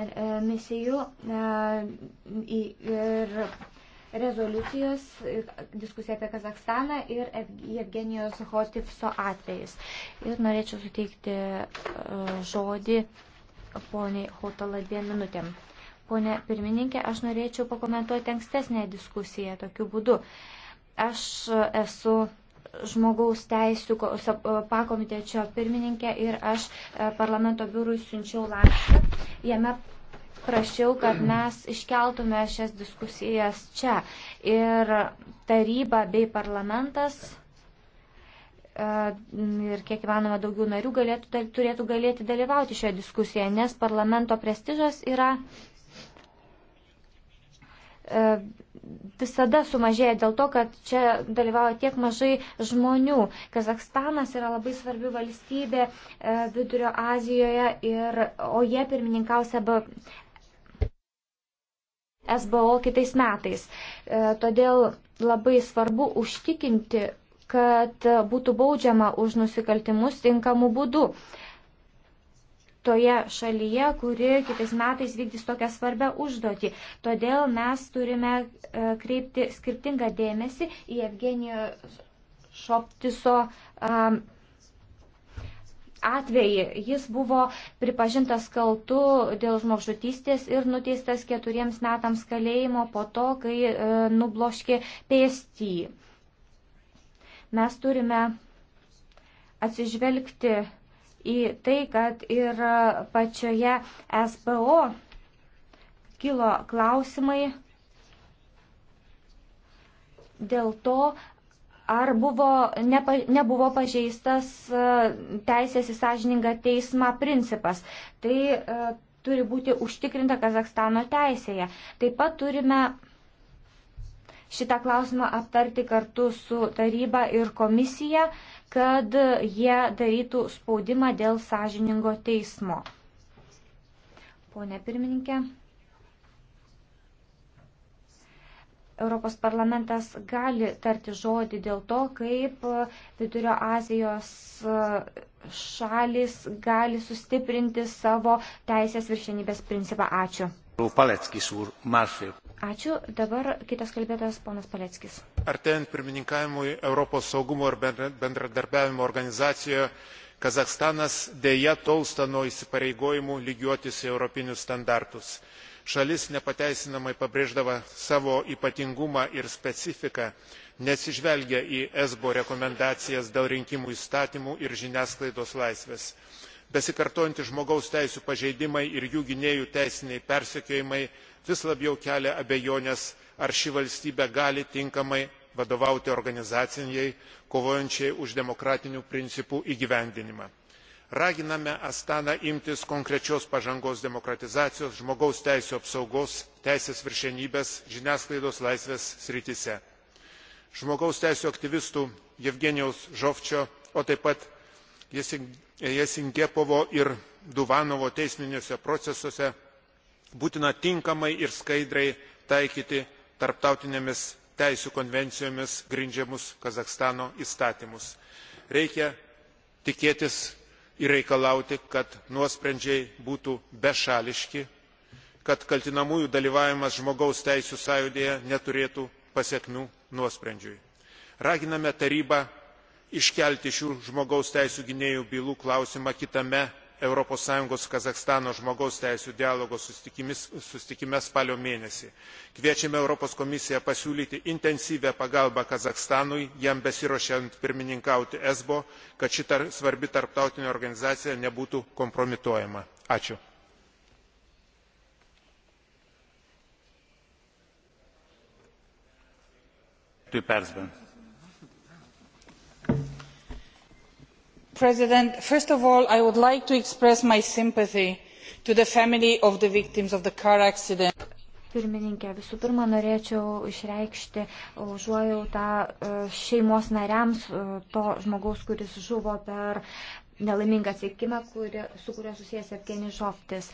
E, misijų e, ir rezoliucijos, e, diskusija apie Kazakstaną ir Evgenijos Hotifso atvejais. Ir norėčiau suteikti žodį poniai Hotala dviem minutėm. Pone pirmininkė, aš norėčiau pakomentuoti ankstesnę diskusiją tokiu būdu. Aš esu žmogaus teisų e, pakomitečio pirmininkė ir aš e, parlamento biurui siunčiau laišką. Jame prašiau, kad mes iškeltume šias diskusijas čia. Ir taryba bei parlamentas e, ir kiek įmanoma daugiau narių galėtų, turėtų galėti dalyvauti šioje diskusijoje, nes parlamento prestižas yra E, visada sumažėja dėl to, kad čia dalyvauja tiek mažai žmonių. Kazakstanas yra labai svarbi valstybė e, Vidurio Azijoje, ir, o jie pirmininkausia SBO kitais metais. E, todėl labai svarbu užtikinti, kad būtų baudžiama už nusikaltimus tinkamų būdų toje šalyje, kuri kitais metais vykdys tokią svarbę užduotį. Todėl mes turime e, kreipti skirtingą dėmesį į Evgenijo Šoptiso atvejį. Jis buvo pripažintas kaltu dėl žmogžudystės ir nuteistas keturiems metams kalėjimo po to, kai e, nubloškė pėstį. Mes turime atsižvelgti į tai, kad ir pačioje SPO kilo klausimai dėl to, ar buvo, nepa, nebuvo pažeistas e, teisės į sąžiningą teismą principas. Tai e, turi būti užtikrinta Kazakstano teisėje. Taip pat turime šitą klausimą aptarti kartu su taryba ir komisija, kad jie darytų spaudimą dėl sąžiningo teismo. Pone pirmininkė. Europos parlamentas gali tarti žodį dėl to, kaip Vidurio Azijos šalis gali sustiprinti savo teisės viršenybės principą. Ačiū. Paleckis, Marfil. Ačiū. Dabar kitas kalbėtas ponas Paleckis. Artėjant pirmininkavimui Europos saugumo ir bendradarbiavimo organizacijoje, Kazakstanas dėja tolsta nuo įsipareigojimų lygiuotis į europinius standartus. Šalis nepateisinamai pabrėždavo savo ypatingumą ir specifiką, nesižvelgia į ESBO rekomendacijas dėl rinkimų įstatymų ir žiniasklaidos laisvės besikartojantys žmogaus teisų pažeidimai ir jų gynėjų teisiniai persekiojimai vis labiau kelia abejones ar ši valstybė gali tinkamai vadovauti organizacijai kovojančiai už demokratinių principų įgyvendinimą. raginame astaną imtis konkrečios pažangos demokratizacijos žmogaus teisių apsaugos teisės viršenybės žiniasklaidos laisvės srityse. žmogaus teisių aktyvistų jevgenijaus žovčio o taip pat jesingepovo ir duvanovo teisminiuose procesuose būtina tinkamai ir skaidriai taikyti tarptautinėmis teisų konvencijomis grindžiamus kazachstano įstatymus. reikia tikėtis ir reikalauti kad nuosprendžiai būtų bešališki kad kaltinamųjų dalyvavimas žmogaus teisių sąjūdyje neturėtų pasekmių nuosprendžiui. raginame tarybą iškelti šių žmogaus teisų gynėjų bylų klausimą kitame es kazachstano žmogaus teisų dialogo susitikime spalio mėnesį. kviečiame europos komisiją pasiūlyti intensyvią pagalbą kazachstanui jam besiruošiant pirmininkauti esbo kad ši tar, svarbi tarptautinė organizacija nebūtų kompromituojama. ačiū. Two parts, president first of all i would like to express my sympathy to the family of the victims of the car accident. Pirmininkė, visų pirma, norėčiau išreikšti užuojautą e, šeimos nariams e, to žmogaus, kuris žuvo per nelaimingą atsitikimą, su kuria susijęs Evgenijus Žoftis.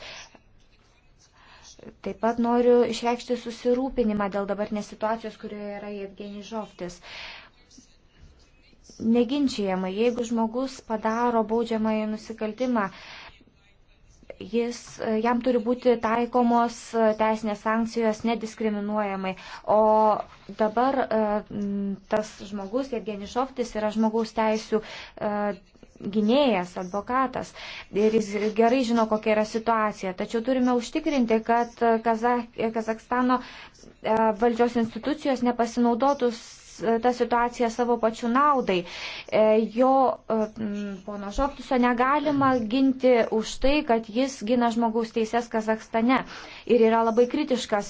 Taip pat noriu išreikšti susirūpinimą dėl dabartinės situacijos, kurioje yra Evgenijus Žoftis. Uh, neginčiamai, jeigu žmogus padaro baudžiamąjį nusikaltimą, jis, e, jam turi būti taikomos e, teisinės sankcijos nediskriminuojamai. O dabar e, tas žmogus, Evgenijus Šoftis, yra žmogaus teisų gynėjas, advokatas ir jis gerai žino, kokia yra situacija. Tačiau turime užtikrinti, kad Kazakstano valdžios institucijos nepasinaudotus E, tą situaciją savo pačių naudai. E, jo e, pono Šoptuso negalima ginti už tai, kad jis gina žmogaus teises Kazakstane ir yra labai kritiškas,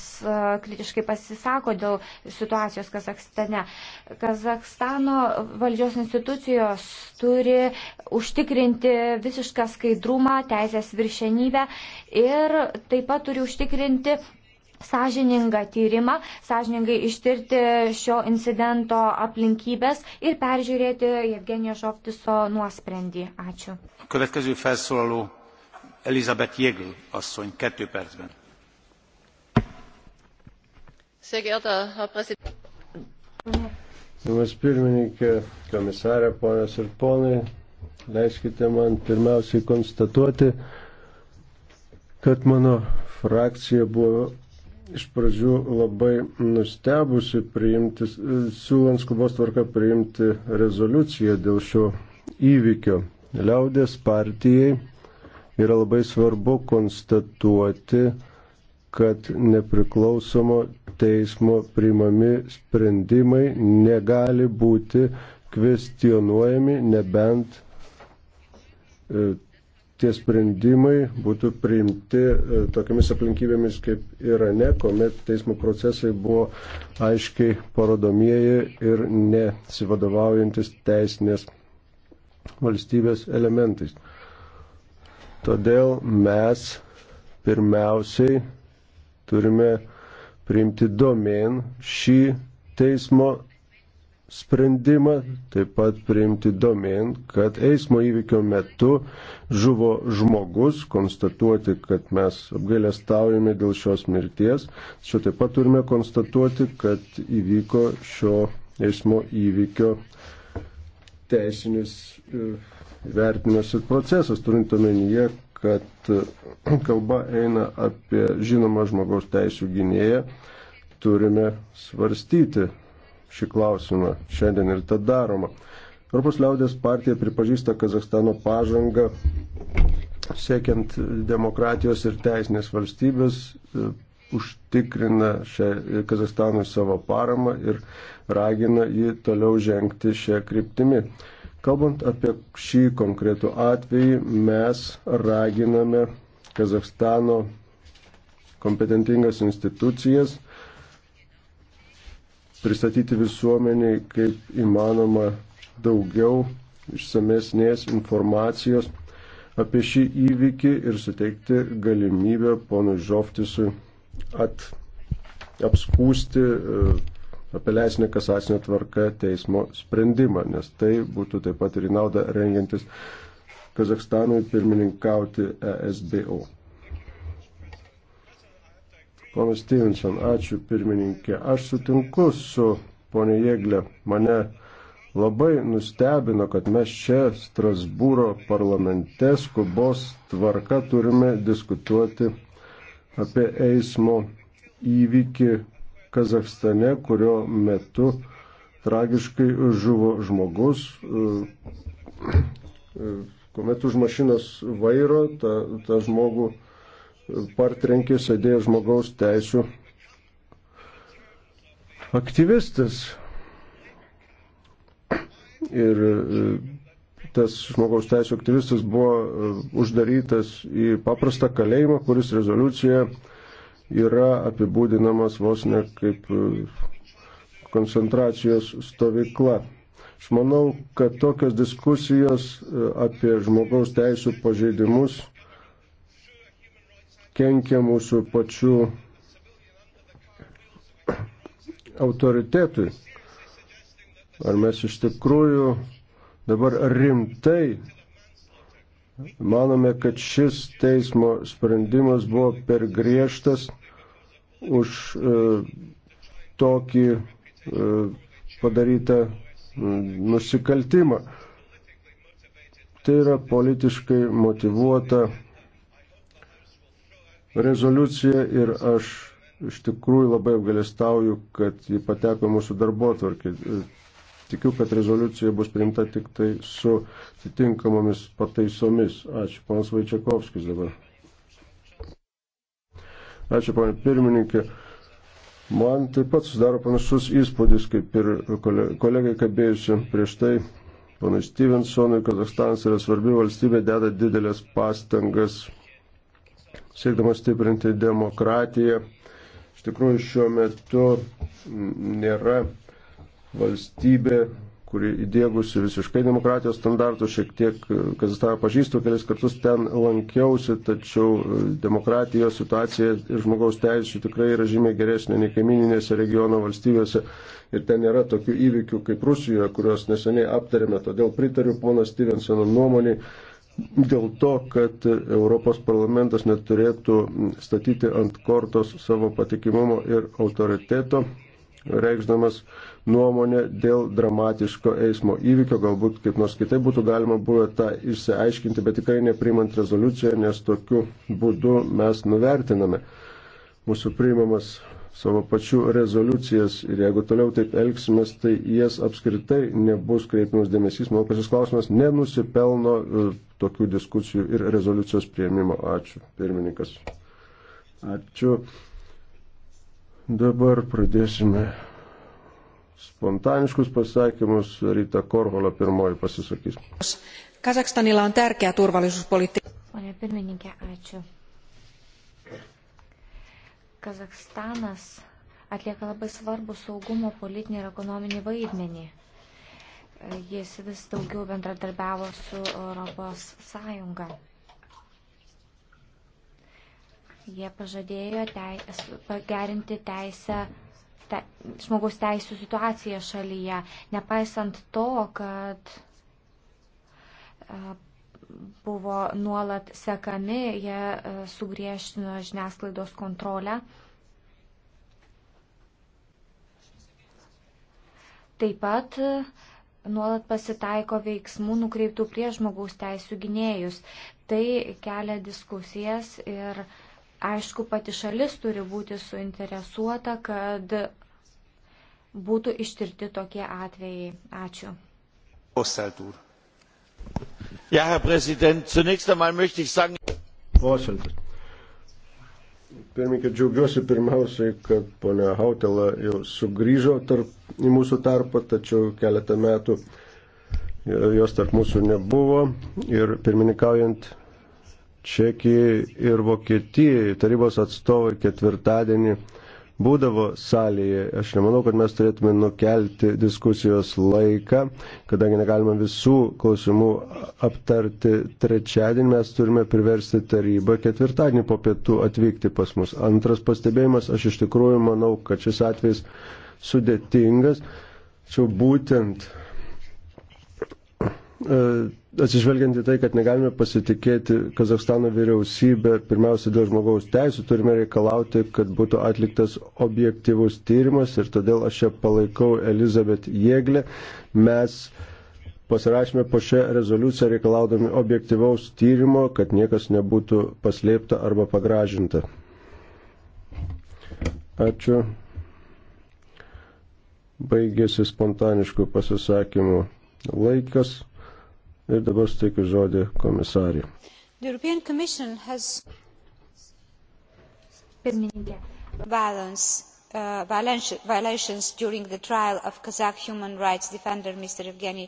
kritiškai pasisako dėl situacijos Kazakstane. Kazakstano valdžios institucijos turi užtikrinti visišką skaidrumą, teisės viršenybę ir taip pat turi užtikrinti sąžiningą tyrimą, sąžiningai ištirti šio incidento aplinkybės ir peržiūrėti Evgenijo Žoftiso nuosprendį. Ačiū. Következő felszólaló Elizabeth Jégl asszony, kettő percben. Jums pirmininkė, komisarė, ponios ir ponai, leiskite man pirmiausiai konstatuoti, kad mano frakcija buvo iš pradžių labai nustebusi priimti, siūlant skubos tvarką priimti rezoliuciją dėl šio įvykio. Liaudės partijai yra labai svarbu konstatuoti, kad nepriklausomo teismo priimami sprendimai negali būti kvestionuojami, nebent e, tie sprendimai būtų priimti e, tokiamis aplinkybėmis kaip Irane, kuomet teismo procesai buvo aiškiai parodomieji ir nesivadovaujantis teisinės valstybės elementais. Todėl mes pirmiausiai turime priimti domen šį teismo sprendimą, taip pat priimti domen, kad eismo įvykio metu žuvo žmogus, konstatuoti, kad mes apgailestaujame dėl šios mirties, tačiau taip pat turime konstatuoti, kad įvyko šio eismo įvykio teisinis e, vertinimas ir procesas, turint omenyje, kad e, kalba eina apie žinomą žmogaus teisų gynėją, turime svarstyti šį klausimą šiandien ir tą daroma. Europos liaudės partija pripažįsta Kazakstano pažangą siekiant demokratijos ir teisinės valstybės, e, užtikrina šią Kazastanui savo paramą ir ragina jį toliau žengti šią kryptimį. Kalbant apie šį konkretų atvejį, mes raginame Kazakstano kompetentingas institucijas pristatyti visuomeniai kaip įmanoma daugiau išsamesnės informacijos apie šį įvykį ir suteikti galimybę ponui Žoftisui at, apskūsti e, apeliacinę kasacinę tvarką teismo sprendimą, nes tai būtų taip pat ir į naudą rengiantis Kazakstanui pirmininkauti ESBO. Ponas Stevenson, ačiū pirmininkė. Aš sutinku su ponė Jėglė. Mane labai nustebino, kad mes čia Strasbūro parlamente skubos tvarka turime diskutuoti apie eismo įvykį Kazakstane, kurio metu tragiškai žuvo žmogus, kuomet už mašinos vairo tą, tą žmogų partrenkė sėdėjo žmogaus teisų aktyvistas. Ir e, tas žmogaus teisų aktyvistas buvo e, uždarytas į paprastą kalėjimą, kuris rezoliucijoje yra apibūdinamas vos ne kaip e, koncentracijos stovykla. Aš manau, kad tokios diskusijos apie žmogaus teisų pažeidimus kenkia mūsų pačių autoritetui. Ar mes iš tikrųjų dabar rimtai manome, kad šis teismo sprendimas buvo per griežtas už e, tokį e, padarytą nusikaltimą. Tai yra politiškai motivuota rezoliuciją ir aš iš tikrųjų labai apgalėstauju, kad ji pateko mūsų darbo tvarkį. Tikiu, kad rezoliucija bus priimta tik tai su atitinkamomis pataisomis. Ačiū, panas Vaičiakovskis dabar. Ačiū, panė pirmininkė. Man taip pat susidaro panašus įspūdis, kaip ir kolegai kabėjusiam prieš tai, panai Stevensonui, Kazakstanas yra svarbi valstybė, deda didelės pastangas siekdamas stiprinti demokratiją. Iš tikrųjų šiuo metu nėra valstybė, kuri įdėgusi visiškai demokratijos standartų, šiek tiek Kazastavo pažįstu, kelis kartus ten lankiausi, tačiau demokratijos situacija ir žmogaus teisų tikrai yra žymiai geresnė nei kaimininėse regiono valstybėse ir ten nėra tokių įvykių kaip Rusijoje, kuriuos neseniai aptarėme, todėl pritariu pono Stevensono nuomonį, dėl to, kad Europos parlamentas neturėtų statyti ant kortos savo patikimumo ir autoriteto, reikšdamas nuomonę dėl dramatiško eismo įvykio. Galbūt kaip nors kitai būtų galima buvę tą išsiaiškinti, bet tikrai neprimant rezoliuciją, nes tokiu būdu mes nuvertiname mūsų priimamas savo pačių rezoliucijas ir jeigu toliau taip elgsimės, tai jas apskritai nebus kreipimas dėmesys. Manau, kad šis klausimas nenusipelno e, tokių diskusijų ir rezoliucijos prieimimo. Ačiū, pirmininkas. Ačiū. Dabar pradėsime spontaniškus pasakymus. Rita Korhola pirmoji pasisakys. Kazakstanilla on tärkeä turvallisuuspolitiikka. Pone pirmininkė, ačiū. Kazakstanas atlieka labai svarbu saugumo politinį ir ekonominį vaidmenį. Jis vis daugiau bendradarbiavo su Europos Sąjunga. Jie pažadėjo teis, pagerinti teisę, te, žmogaus teisų situaciją šalyje, nepaisant to, kad buvo nuolat sekami, jie e, sugriežtino žiniasklaidos kontrolę. Taip pat e, nuolat pasitaiko veiksmų nukreiptų prie žmogaus teisų gynėjus. Tai kelia diskusijas ir aišku, pati šalis turi būti suinteresuota, kad būtų ištirti tokie atvejai. Ačiū. Posseltūr. Ja, Herr Präsident, zunächst einmal möchte ich sagen. Voseltas. Pirmininkė, džiaugiuosi pirmiausiai, kad ponia Hautela jau sugrįžo tarp, į mūsų tarpą, tačiau keletą metų jos tarp mūsų nebuvo ir pirmininkaujant Čekijai ir Vokietijai tarybos atstovai ketvirtadienį būdavo salėje. Aš nemanau, kad mes turėtume nukelti diskusijos laiką, kadangi negalima visų klausimų aptarti trečiadienį, mes turime priversti tarybą ketvirtadienį po pietų atvykti pas mus. Antras pastebėjimas, aš iš tikrųjų manau, kad šis atvejs sudėtingas, tačiau būtent. E, atsižvelgiant į tai, kad negalime pasitikėti Kazakstano vyriausybę, pirmiausia dėl žmogaus teisų turime reikalauti, kad būtų atliktas objektivus tyrimas ir todėl aš čia palaikau Elizabet Jėglę. Mes pasirašėme po šią rezoliuciją reikalaudami objektivaus tyrimo, kad niekas nebūtų paslėpta arba pagražinta. Ačiū. Baigėsi spontaniškų pasisakymų laikas. Ir dabar suteikiu žodį komisarį. Has... Pirmininkė. Balance. Uh, violations during the trial of Kazakh human rights defender Mr. Evgeny.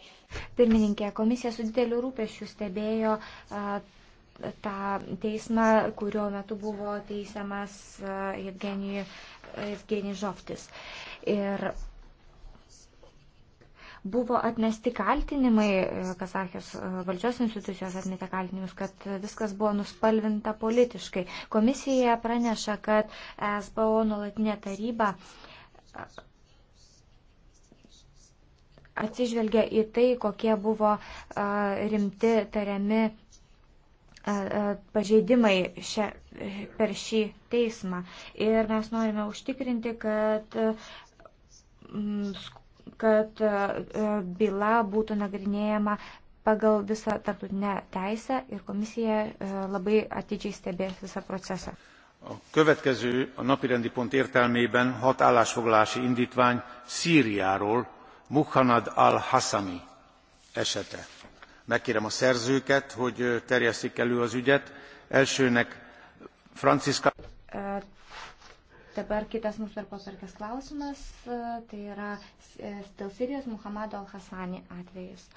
Pirmininkė, komisija su dideliu rūpešiu stebėjo uh, tą teismą, kurio metu buvo teisiamas uh, Evgenijus Evgenijus Žoftis. Ir Buvo atmesti kaltinimai, e, Kazakijos e, valdžios institucijos atmetė kaltinimus, kad viskas buvo nuspalvinta politiškai. Komisija praneša, kad SBO nuolatinė taryba e, atsižvelgia į tai, kokie buvo rimti tariami pažeidimai šia, per šį teismą. Ir mes norime užtikrinti, kad kad e, e, byla būtų nagrinėjama pagal visą tarptautinę teisę ir komisija e, labai atidžiai stebės visą procesą. A következő a napirendi pont értelmében hat állásfoglalási indítvány Szíriáról, Muhannad al-Hassami esete. Megkérem a szerzőket, hogy terjesszék elő az ügyet. Elsőnek Franciska... Dabar kitas mūsų darbosarkės klausimas, e, tai yra e, dėl Sirijos Muhammado Al-Hasani atvejis.